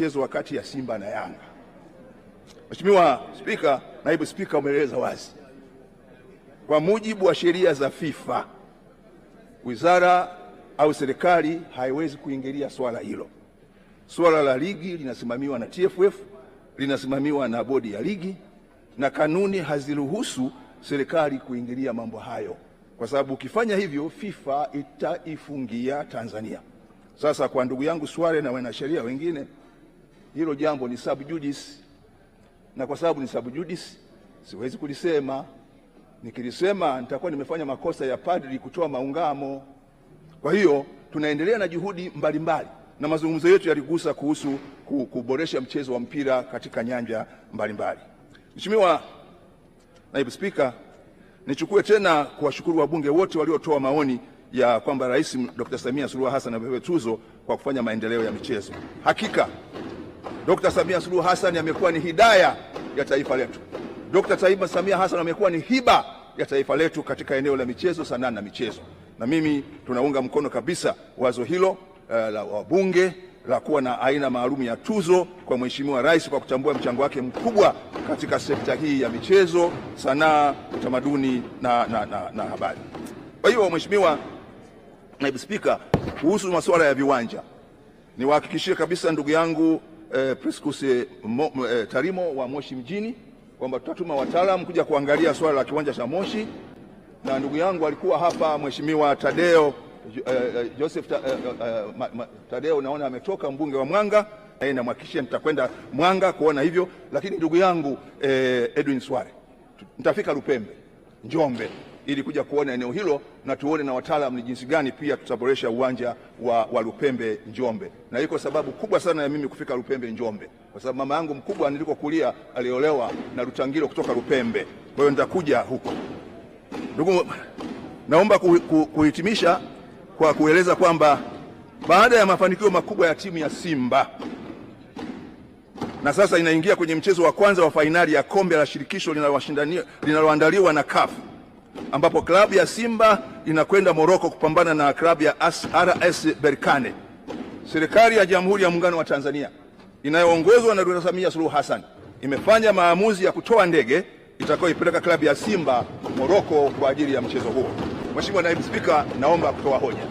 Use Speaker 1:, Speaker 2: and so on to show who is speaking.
Speaker 1: mchezo wa kati ya Simba na Yanga. Mheshimiwa Spika, naibu spika, umeeleza wazi kwa mujibu wa sheria za FIFA wizara au serikali haiwezi kuingilia swala hilo. Swala la ligi linasimamiwa na TFF, linasimamiwa na bodi ya ligi, na kanuni haziruhusu serikali kuingilia mambo hayo, kwa sababu ukifanya hivyo FIFA itaifungia Tanzania. Sasa kwa ndugu yangu Swale na wanasheria wengine hilo jambo ni sub judice, na kwa sababu ni sub judice siwezi kulisema. Nikilisema nitakuwa nimefanya makosa ya padri kutoa maungamo. Kwa hiyo tunaendelea na juhudi mbalimbali mbali, na mazungumzo yetu yaligusa kuhusu kuboresha mchezo wa mpira katika nyanja mbalimbali. Mheshimiwa Naibu Spika, nichukue tena kuwashukuru wabunge wote waliotoa maoni ya kwamba Rais Dr. Samia Suluhu Hassan apewe tuzo kwa kufanya maendeleo ya michezo. Hakika Dr. Samia Suluhu Hassan amekuwa ni hidaya ya taifa letu. Taiba Samia Hassan amekuwa ni hiba ya taifa letu katika eneo la michezo, sanaa na michezo, na mimi tunaunga mkono kabisa wazo hilo uh, la wabunge la kuwa na aina maalum ya tuzo kwa Mheshimiwa Rais kwa kutambua mchango wake mkubwa katika sekta hii ya michezo, sanaa, utamaduni na, na, na, na habari. Kwa hiyo Mheshimiwa Naibu Spika, kuhusu masuala ya viwanja niwahakikishie kabisa ndugu yangu eh, Priscus eh, eh, Tarimo wa Moshi mjini kwamba tutatuma wataalamu kuja kuangalia swala la kiwanja cha Moshi, na ndugu yangu alikuwa hapa Mheshimiwa Tadeo eh, eh, Joseph eh, eh, eh, ma, ma, Tadeo naona ametoka, mbunge wa Mwanga, naye namhakikishia nitakwenda Mwanga kuona hivyo, lakini ndugu yangu eh, Edwin Sware, nitafika Lupembe, Njombe ili kuja kuona eneo hilo na tuone na wataalam ni jinsi gani pia tutaboresha uwanja wa, wa Lupembe Njombe, na iko sababu kubwa sana ya mimi kufika Lupembe Njombe kwa sababu mama yangu mkubwa nilikokulia aliolewa na lutangiro kutoka Lupembe, kwa hiyo nitakuja huko. Ndugu, naomba kuhitimisha kwa kueleza kwamba baada ya mafanikio makubwa ya timu ya Simba na sasa inaingia kwenye mchezo wa kwanza wa fainali ya kombe la shirikisho linaloandaliwa na CAF ambapo klabu ya Simba inakwenda Moroko kupambana na klabu ya RS Berkane. Serikali ya Jamhuri ya Muungano wa Tanzania inayoongozwa na Dr. Samia Suluhu Hassan imefanya maamuzi ya kutoa ndege itakayoipeleka klabu ya Simba Moroko kwa ajili ya mchezo huo. Mheshimiwa Naibu Spika, naomba kutoa hoja.